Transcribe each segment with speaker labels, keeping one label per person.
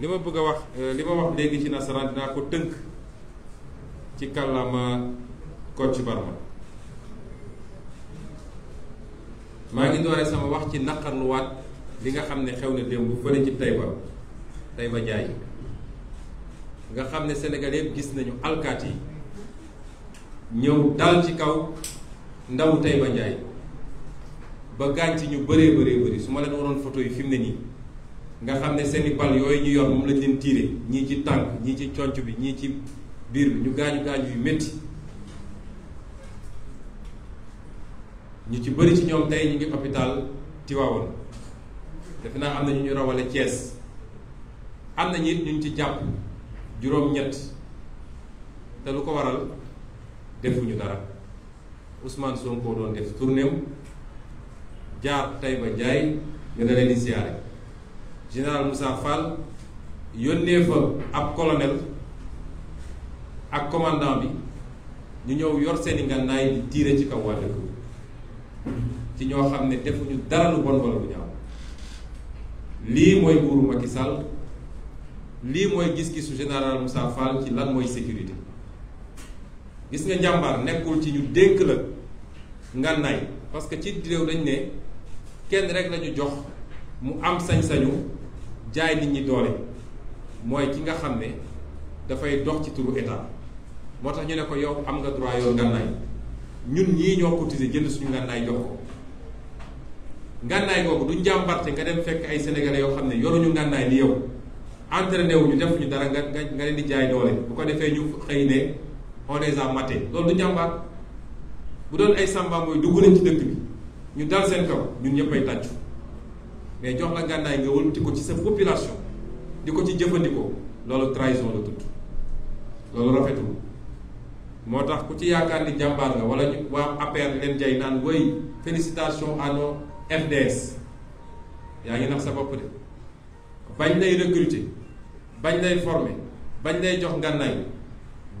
Speaker 1: li ma bëgg a wax euh, li ma wax léegi ci nasaraan dinaa ko tënk ci kàllaama Kocc Barma maa ngi dooree sama wax ci naqarluwaat li nga xam ne xew na démb fële ci Taïba Taïba Ndiaye nga xam ne Sénégal yëpp gis nañu alkaati yi ñëw dal ci kaw ndaw Taïba njaay ba gaañ ci ñu bëree bëree bëri su ma leen waroon photo yi fi ne nii nga xam ne seen i yooyu ñu yor moom lañ leen tiire ñii ci tànk ñii ci conc bi ñii ci biir bi ñu gaañu gaañu yu métti ñu ci bari ci ñoom tey ñu ngi hôpital Tivaouane defe naa am na ñu ñu rawale Thiès am na ñit ñu ci jàpp juróom-ñett te lu ko waral defuñu dara Ousmane Sonko doon def tournéem jaar Taïba Ndiaye nga da leen di siyaare général Moussa Fall yónnee ab colonel ak commandant bi ñu ñëw yor seeni ngànnaay di tiire ci kaw waa dëkk ci ñoo xam ne defuñu dara lu bon wala lu ñaaw lii mooy nguuru Macky Sall lii mooy gis-gisu général Moussa Fall ci lan mooy sécurité gis nga njàmbaar nekkul ci ñu dénk la ngànnaay parce que ci réew dañ ne kenn rek la ñu jox mu am sañ-sañu jaay nit ñi doole mooy ki nga xam ne dafay dox ci turu moo tax ñu ne ko yow am nga droit yow ngànnaay ñun ñii ñoo cotiser jënd suñu ngànnaay jox ko ngànnaay googu duñ jàmbarte nga dem fekk ay sénégalais yoo xam ne yoruñu ngànnaay ni yow entraîné wuñu defuñu dara nga nga nga leen di jaay doole bu ko defee ñu xëy ne on les a loolu du jàmbaar bu doon ay samba mooy dugg nañ ci dëkk bi ñu dal seen kaw ñun ñëppay tàccu mais jox la gànnaay nga wëlbati ko ci sa population di ko ci jëfandikoo loolu trahison la tudd loolu rafetul moo tax ku ci yaakaar ni jàmbaar nga wala ñu waa APR leen jay naan woy félicitation à nos FDS yaa ngi nag sa bopp de bañ lay recruter bañ lay forme bañ lay jox ngànnaay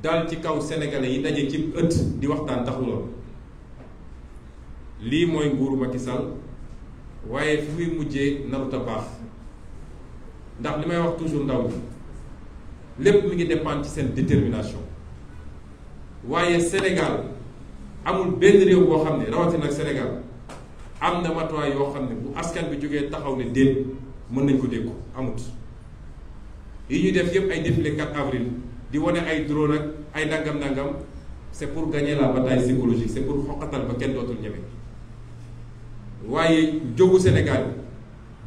Speaker 1: dal ci kaw sénégalais yi daje ci ëtt di waxtaan taxuloon lii mooy nguuru Macky Sall waaye fi muy mujjee narut a baax ndax li may wax toujours ndaw lépp mi ngi dépendre ci seen détermination waaye Sénégal amul benn réew boo xam ne rawatina ak Sénégal am na matuwaay yoo xam ne bu askan bi jógee taxaw ne déet mën nañ ko dégg amut yi ñu def yépp ay défilé 4 avril di wane ay drone ak ay nangam-nangam c'est pour gagner la bataille psychologique c'est pour xoqatal ba kenn dootul ñeme. waaye jógu Sénégal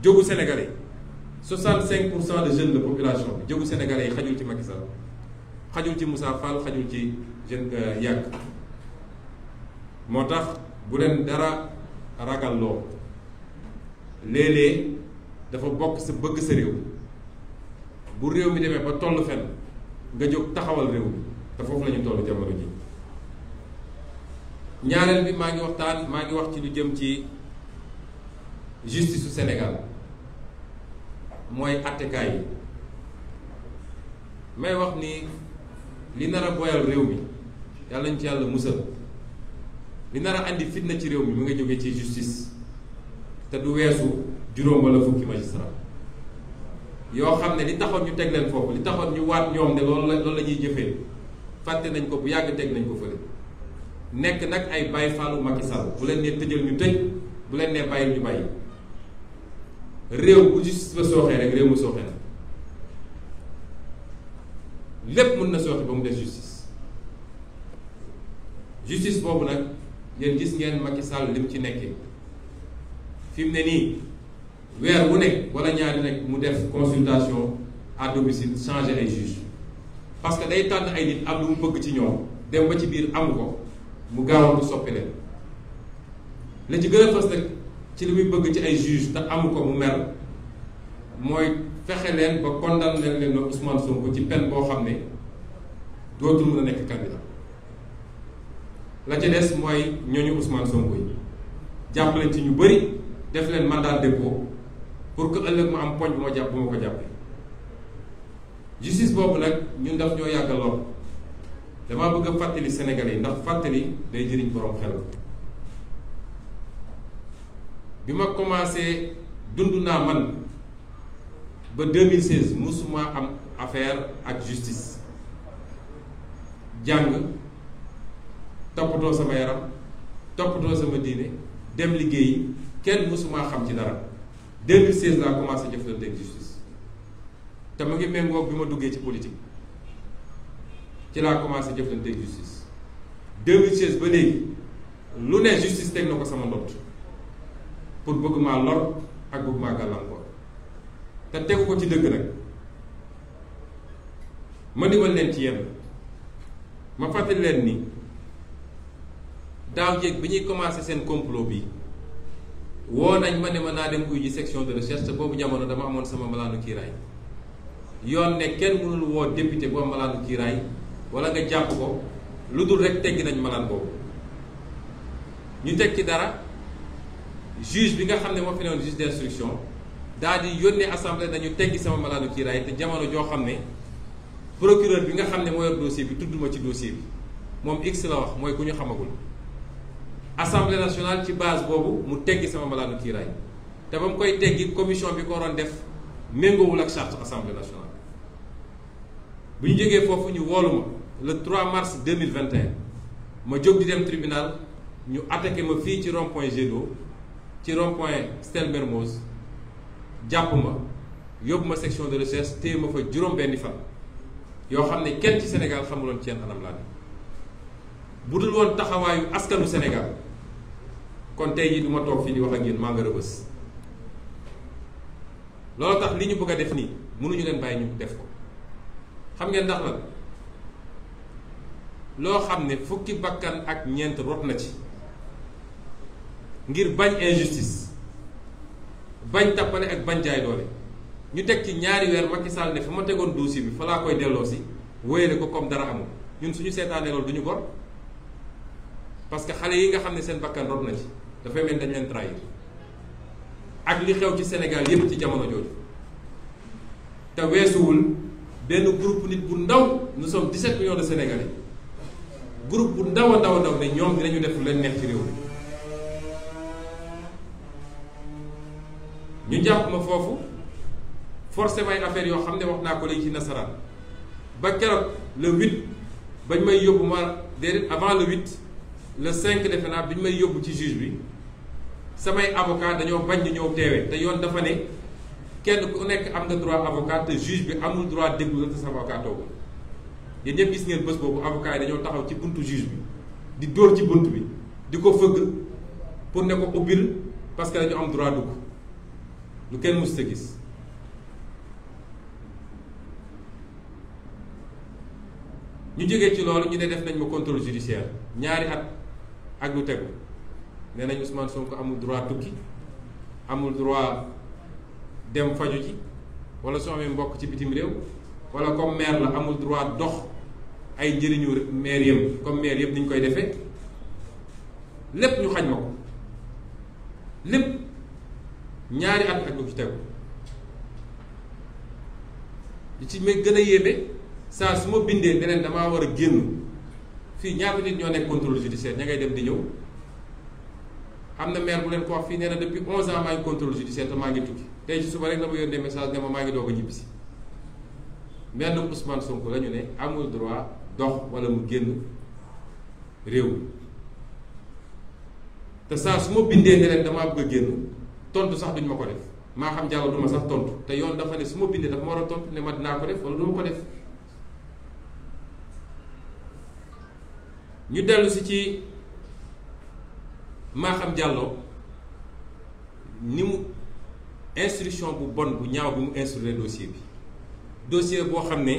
Speaker 1: jógu sénégalais 65 pour cent de jeune de population bi jógu sénégalais yi xajul ci Macky Sall xajul ci Moussa Fall xajul ci jeune euh, yàgg moo tax bu leen dara ragalloo loo léeg dafa bokk sa bëgg sa réew bu réew mi demee ba toll fenn nga jóg taxawal réew mi te foofu la ñu toll jamono ji ñaareel bi maa ngi waxtaan maa ngi wax ci lu jëm ci justice su Sénégal mooy attekaay yi may wax ni li nara a réew mi yàlla ñu ci yàlla musal li nar a andi fitna ci réew mi mu nga jógee ci justice te du weesu juróom wala fukki magistrat yoo xam ne li taxoon ñu teg leen foofu li taxoon ñu waat ñoom ne loolu la loolu la ñuy jëfee fàtte nañ ko bu yàgg teg nañ ko fële nekk nag ay bàyyi faalu Macky Sall bu leen nee tëjal ñu tëj bu leen nee bàyyil ñu bàyyi réew bu justice ba sooxee rek réew mu sooxee na lépp mën na sooxe ba mu des justice justice boobu nag yéen gis ngeen Macky Sall lim ci nekkee fi mu ne nii weer wu nekk wala ñaari nekk mu def consultation à domicile changer ay juge parce que day tànn ay nit am lu mu bëgg ci ñoom dem ba ci biir am ko mu gaawantu soppi leen la ci gën a nag ci li muy bëgg ci ay juge te amu ko mu mer mooy fexe leen ba condamné leen na Ousmane ci peine boo xam ne dootul mën a nekk candidat la ca des mooy ñooñu Ousmane Sonko yi jàpp leen ci ñu bari def leen mandat dépôt pour que ëllëg mu am poñ bu ma jàpp bu ma ko jàppee justice boobu nag ñun daf ñoo yàgg lool damaa bëgg a fàttali Sénégalais yi ndax fàttali day jëriñ borom xel. bi ma commencé dund naa man ba 2016 musuma am affaire ak justice jàng toppatoo sama yaram toppatoo sama diine dem liggéeyi kenn maa xam ci dara 2016 laa commencé jëflante ak justice te mu ngi méngoo bi ma duggee ci politique ci laa commencé jëflante ak justice 2016 ba léegi lu ne justice teg na ko sama ndott pour bëgg maa lor ak bëgg maa gàllankoor te tegu ko ci dëgg nag ma niwal leen ci yenn ma fàttali leen ni daaw jéeg bi ñuy commencé seen complot bi woo nañ ma ne ma naa dem uy ji section de recherche boobu jamono dama amoon sama malaanu kiiraay yoon ne kenn mënul woo député bu am malaanu kiiraay wala nga jàpp ko lu dul rek teggi nañ malaan boobu ñu teg ci dara juge bi nga xam ne moo fi newoon juge d'instruction daal di yónnee assemblée nañu teggi sama malaanu kiiraay te jamono joo xam ne procureur bi nga xam ne moo yor bi tudduma ci dossier bi moom x la wax mooy ku ñu xamagul assemblée nationale ci base boobu mu teggi sama malaanu kiiraay te ba mu koy teggi commission bi ko waroon def méngoowul ak charte assemblée nationale bu ñu jógee foofu ñu woolu ma le 3 mars 2021 ma jóg di dem tribunal ñu attaqué ma fii ci rond point ci rond-point Stel Mermoz jàpp ma yóbbu ma section de recherche téye ma fa juróom-benni fan yoo xam ne kenn ci Sénégal xamuloon ci yenn anam laa bu dul woon taxawaayu askanu Sénégal kon tey jii du ma toog fii di wax ak yéen maa nga rëbës loolu tax li ñu bëgg a def nii mënuñu leen bàyyi ñu def ko xam ngeen ndax lan loo xam ne fukki bakkan ak ñeent rot na ci. ngir bañ injustice bañ tappale ak bañ jaay doole ñu teg ci ñaari weer Macky Sall ne fa ma tegoon dossier bi fa laa koy delloo si wéyale ko comme dara amul ñun suñu seetaanee loolu du gor parce que xale yi nga xam ne seen bakkan rob na ci dafay mel dañ leen trahir ak li xew ci senegal yépp ci jamono jooju te weesuwul benn groupe nit bu ndaw nous sommes 17 millions de Sénégalais groupe bu ndaw a ndaw a ndaw ne ñoom dinañu def leen neex ci réew mi ñu jàpp ma foofu forcé may affaire yoo xam ne wax naa ko léegi ci nasaraan ba keroog le huit bañ may yóbbu ma déedéet avant le huit le cinq defe naa bi ñu may yóbbu ci juge bi samay avocat dañoo bañ ñu ñëw teewee te yoon dafa ne kenn ku nekk am nga droit avocat te juge bi amul droit déglu la te sa avocat toogul yéen ñëpp gis ngeen bës boobu avocat yi dañoo taxaw ci buntu juge bi di dóor ci bunt bi di ko fëgg pour ne ko ubbil parce que dañu am droit lu kenn mësta gis ñu jógee ci loolu ñu ne def nañ ma contrôle judiciaire ñaari at ak lu tegu nee nañ Ousmane Sonko amul droit tukki amul droit dem faju ji wala su amee mbokk ci bitim réew wala comme maire la amul droit dox ay njëriñu maire yëpp comme maire yëpp ni ñu koy defee lépp ñu xañ ma ko lépp ñaari at ak lu ci tegu li ci may gën a yéeme saa su ma bindee ne leen damaa war a génn fii ñaata nit ñoo nekk contrôle judiciaire ña ngay dem di ñëw am na meer bu leen ko fii nee na depuis onze ans maa ngi contrôle judiciaire te maa ngi tukki tey ci suba rek la ma yónnee message ne ma maa ngi doog a ñibbisi maire nag Ousmane Sonko la ñu ne amul droit dox wala mu génn réew te saa su ma bindee ne leen damaa bëgg a génn tontu sax duñ ma ko def maa xam jàll du sax tontu te yoon dafa ne su ma bindee dafa ma war a tontu ne ma dinaa ko def wala du ko def ñu dellu si ci maa xam jàlloo ni mu instruction bu bon bu ñaaw bi mu instruire dossier bi dossier boo xam ne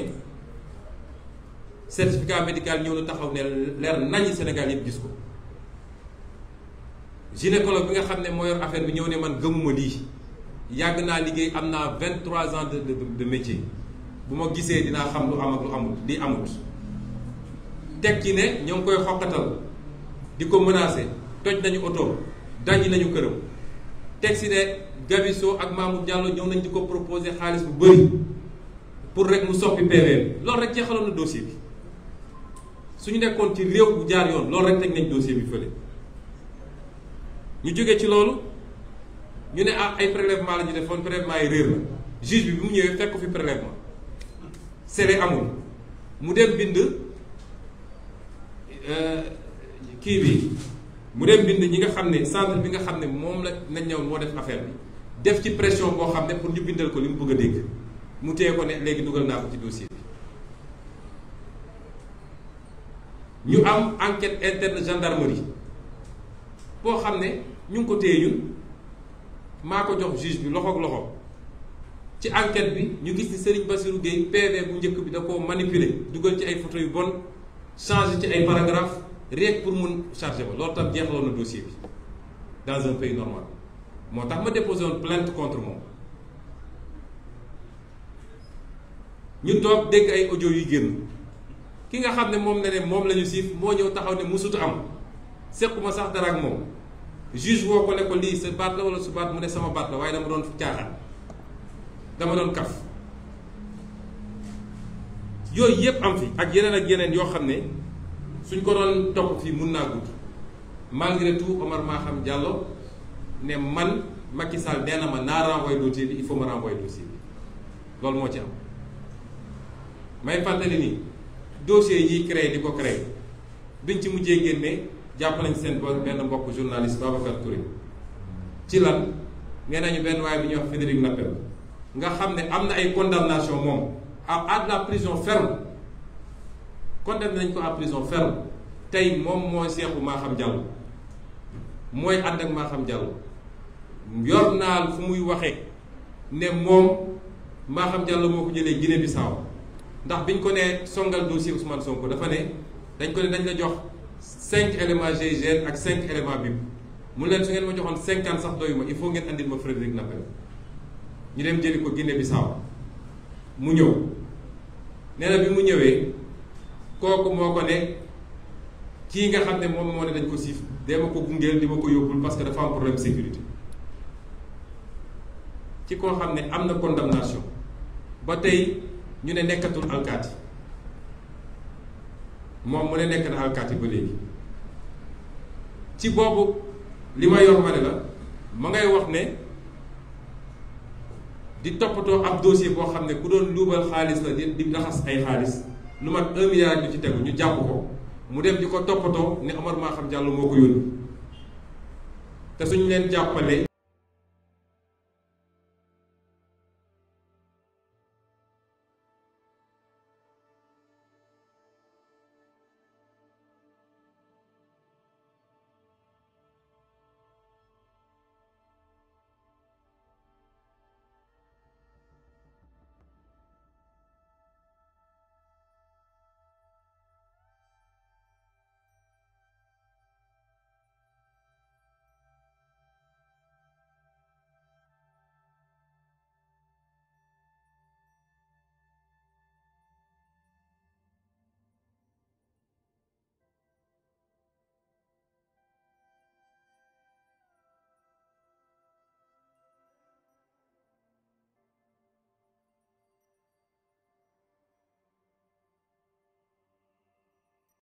Speaker 1: certificat médical ñëw taxaw ne leer nañu Sénégal yi gis ko gynécologue bi nga xam ne moo yor affaire bi ñëw ne man gëmuma lii yàgg naa liggéey am naa vingt trois ans de de métier bu ma gisee dinaa xam lu am ak lu amul di amut teg ci ne ñoo ngi koy xoqatal di ko menacer toj nañu oto daj nañu këram teg ci ne Gabiso ak Mamour Diallo ñëw nañ di ko proposer xaalis bu bëri pour rek mu soppi PV lool rek jeexaloon na dossier bi suñu nekkoon ci réew bu jaar yoon lool rek teg nañ dossier bi fële ñu jóge ci loolu ñu ne ah ay prélèvement la ñu defoon prélèvement yi réer la juge bi bi mu ñëwee fekk fi prélèvement serré amul mu dem bind euh, kii bi mu dem bind ñi nga xam ne centre bi nga xam ne moom la nañ ñëw moo def affaire bi def ci pression boo xam ne pour ñu bindal ko li mu bëgg a dégg mu téye ko ne léegi dugal naa ko ci dossier bi ñu am enquête interne gendarmerie boo xam ne ñu ngi ko téye ñun maa ko jox juge bi loxoog loxo ci enquête bi ñu gis ni Serigne Bassirou Gueye PV bu njëkk bi da koo manipuler dugal ci ay photo yu bon changer ci ay paragraphe rek pour mun charger ba loolu tam jeexaloon na dossier bi dans un pays normal moo tax ma déposé woon plainte contre moom ñu toog dégg ay ojo yu génn ki nga xam ne moom ne ne moom lañu ñu siif moo ñëw taxaw ne musutu am sequma sax dara ak moom juge woo ko ne ko lii sa baat la wala su baat mu ne sama baat la waaye dama doon caaxaan dama doon kaf yooyu yépp am fi ak yeneen ak yeneen yoo xam ne suñ ko doon topp fii mun naa gudd malgré tout Omar Maham Diallo ne man Macky Sall nee na ma naa renvoyer dossier bi il faut ma renvoyer dossier bi loolu moo ci am may fàttali ni dossier yi ñuy créé di ko créé biñ ci mujjee génnee jàpp nañ seen benn mbokk journaliste Babacar Touré ci lan nee nañu benn waaye bi ñuy wax Frédéric Nappel nga xam ne am na ay condamnation moom à la prison ferme condamné nañ ko à prison ferme tey moom mooy seexu Maham Diallo mooy ànd ak Maham Diallo yor naa fu muy waxee ne moom Maham Diallo moo ko jëlee Guinée Bissau ndax biñ ko nee songal dossier Ousmane Sonko dafa ne dañ ko ne dañ la jox cinq éléments GIGN ak cinq éléments bi mu leen su ngeen ma joxoon cinquante sax doyu ma il faut ngeen andil ma Frédéric Napel ñu dem jëli ko Guinée Bissau mu ñëw nee bi mu ñëwee kooku moo ko ne kii nga xam ne moom moo ne dañ ko siif dee ma ko gungeel di ma ko yóbbul parce que dafa am problème sécurité ci koo xam ne am na condamnation ba tey ñu ne nekkatul alkaati moom mu ne nekk na alkaati ba léegi ci boobu li ma yor ma ne la ma ngay wax ne di toppatoo ab dossier boo xam ne ku doon luubal xaalis la di di raxas ay xaalis lu mat un milliard ñu ci tegu ñu jàpp ko mu dem di ko toppatoo ne Omar maa xam Diallo moo ko yónni te suñu leen jàppalee